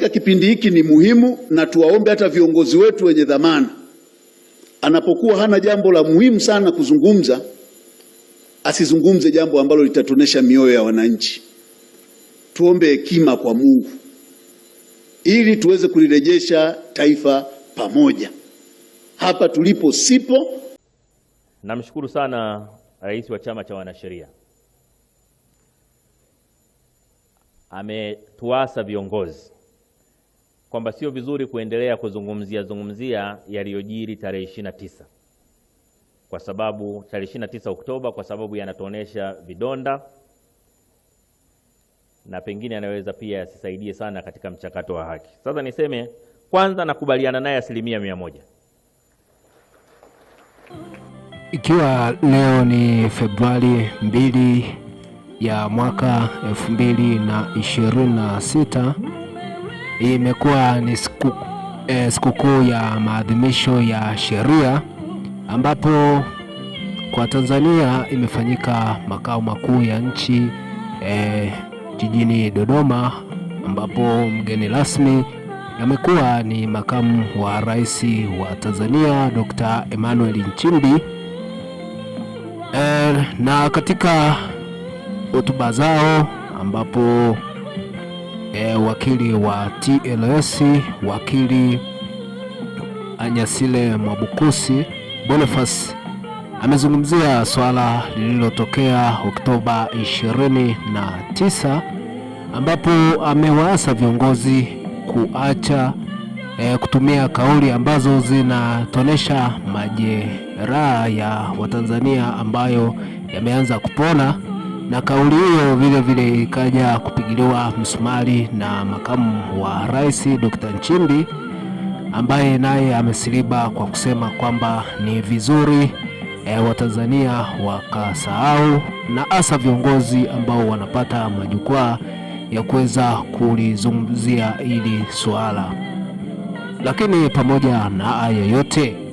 katika kipindi hiki ni muhimu, na tuwaombe hata viongozi wetu wenye dhamana, anapokuwa hana jambo la muhimu sana kuzungumza, asizungumze jambo ambalo litatonesha mioyo ya wananchi. Tuombe hekima kwa Mungu ili tuweze kulirejesha taifa pamoja. Hapa tulipo sipo. Namshukuru sana rais wa Chama cha Wanasheria, ametuasa viongozi kwamba sio vizuri kuendelea kuzungumzia zungumzia yaliyojiri tarehe ishirini na tisa kwa sababu tarehe ishirini na tisa Oktoba kwa sababu yanatuonesha vidonda na pengine yanaweza pia yasisaidie sana katika mchakato wa haki. Sasa niseme kwanza, nakubaliana naye asilimia mia moja. Ikiwa leo ni Februari mbili ya mwaka elfu mbili na ishirini na sita imekuwa ni eh, sikukuu eh, siku ya maadhimisho ya sheria ambapo kwa Tanzania imefanyika makao makuu ya nchi eh, jijini Dodoma ambapo mgeni rasmi amekuwa ni makamu wa rais wa Tanzania Dr. Emmanuel Nchimbi. eh, na katika hotuba zao ambapo e, wakili wa TLS wakili Anyasile Mwabukusi Boniface amezungumzia swala lililotokea Oktoba 29 ambapo amewaasa viongozi kuacha e, kutumia kauli ambazo zinatonesha majeraha ya Watanzania ambayo yameanza kupona na kauli hiyo vile vile ikaja kupigiliwa msumari na makamu wa rais Dr. Nchimbi ambaye naye amesiliba kwa kusema kwamba ni vizuri e, Watanzania wakasahau na hasa viongozi ambao wanapata majukwaa ya kuweza kulizungumzia hili suala. Lakini pamoja na haya yote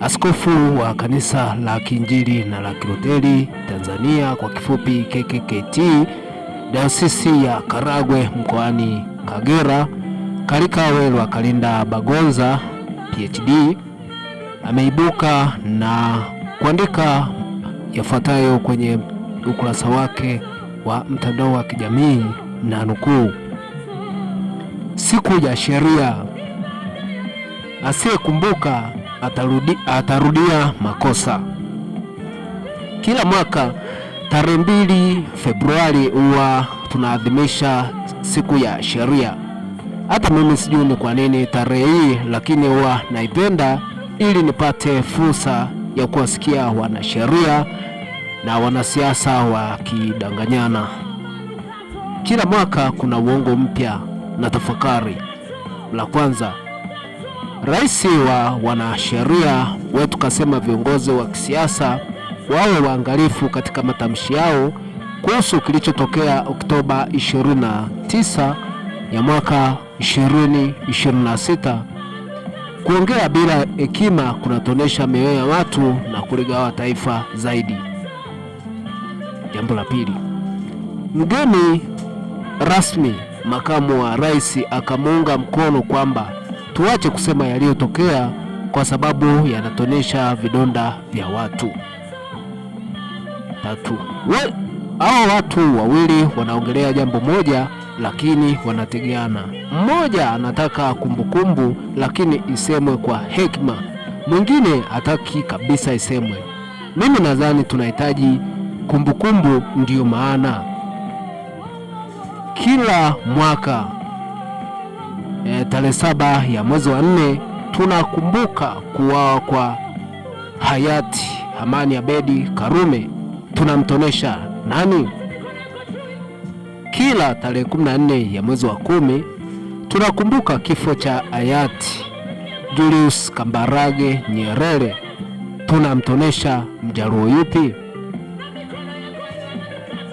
askofu wa kanisa la Kiinjili na la Kilutheri Tanzania kwa kifupi KKKT dayosisi ya Karagwe mkoani Kagera, Kalikawe Kalinda Bagonza PhD ameibuka na kuandika yafuatayo kwenye ukurasa wake wa mtandao wa kijamii na nukuu: siku ya sheria asiyekumbuka atarudi, atarudia makosa. Kila mwaka tarehe mbili Februari huwa tunaadhimisha siku ya sheria. Hata mimi sijui ni kwa nini tarehe hii, lakini huwa naipenda ili nipate fursa ya kuwasikia wanasheria na wanasiasa wakidanganyana. Kila mwaka kuna uongo mpya na tafakari. La kwanza Rais wa wanasheria wetu kasema viongozi wa kisiasa wawe waangalifu katika matamshi yao kuhusu kilichotokea Oktoba 29 ya mwaka 2026. Kuongea bila hekima kunatonesha mioyo ya watu na kuligawa taifa zaidi. Jambo la pili, mgeni rasmi makamu wa rais akamuunga mkono kwamba tuache kusema yaliyotokea kwa sababu yanatonesha vidonda vya watu. Tatu, hao watu wawili wanaongelea jambo moja lakini wanategeana. Mmoja anataka kumbukumbu kumbu, lakini isemwe kwa hekima, mwingine hataki kabisa isemwe. Mimi nadhani tunahitaji kumbukumbu, ndiyo maana kila mwaka e, tarehe saba ya mwezi wa nne tunakumbuka kuwawa kwa hayati Amani Abedi Karume. Tunamtonesha nani? Kila tarehe 14 ya mwezi wa kumi tunakumbuka kifo cha hayati Julius Kambarage Nyerere. Tunamtonesha mjaruo yupi?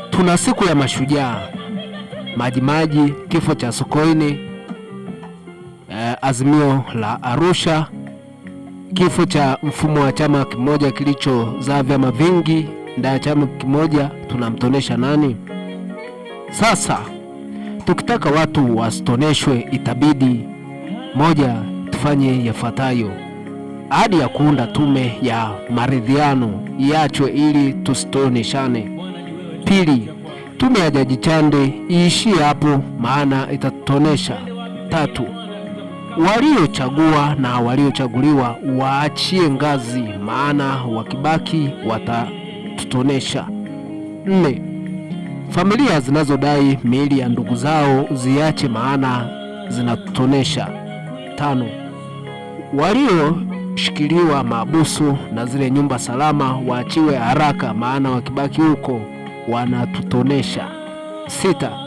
Tuna siku ya mashujaa Majimaji, kifo cha Sokoine Azimio la Arusha, kifo cha mfumo wa chama kimoja kilichozaa vyama vingi ndani ya chama kimoja, tunamtonesha nani? Sasa tukitaka watu wasitoneshwe, itabidi moja, tufanye yafuatayo: ahadi ya kuunda tume ya maridhiano iachwe ili tusitoneshane. Pili, tume ya Jaji Chande iishie hapo, maana itatutonesha. Tatu, waliochagua na waliochaguliwa waachie ngazi, maana wakibaki watatutonesha. Nne, familia zinazodai miili ya ndugu zao ziache, maana zinatutonesha. Tano, walioshikiliwa mabusu na zile nyumba salama waachiwe haraka, maana wakibaki huko wanatutonesha. Sita,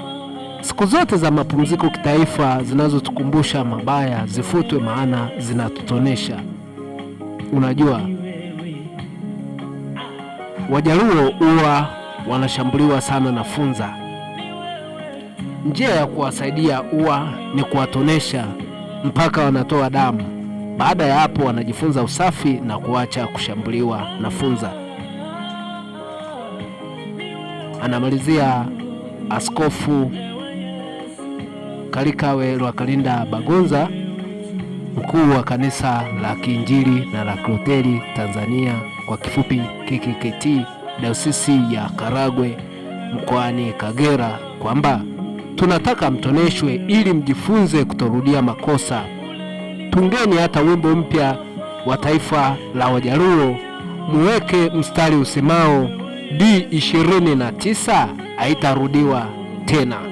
Siku zote za mapumziko kitaifa zinazotukumbusha mabaya zifutwe, maana zinatutonesha. Unajua Wajaluo huwa wanashambuliwa sana na funza. Njia ya kuwasaidia huwa ni kuwatonesha mpaka wanatoa damu. Baada ya hapo, wanajifunza usafi na kuacha kushambuliwa na funza. Anamalizia askofu Kalikawe Lwakalinda Bagonza, mkuu wa kanisa la Kiinjili na la Kilutheri Tanzania, kwa kifupi KKKT, dayosisi ya Karagwe mkoani Kagera, kwamba tunataka mtoneshwe ili mjifunze kutorudia makosa. Tungeni hata wimbo mpya wa taifa la Wajaluo, muweke mstari usemao D29 haitarudiwa tena.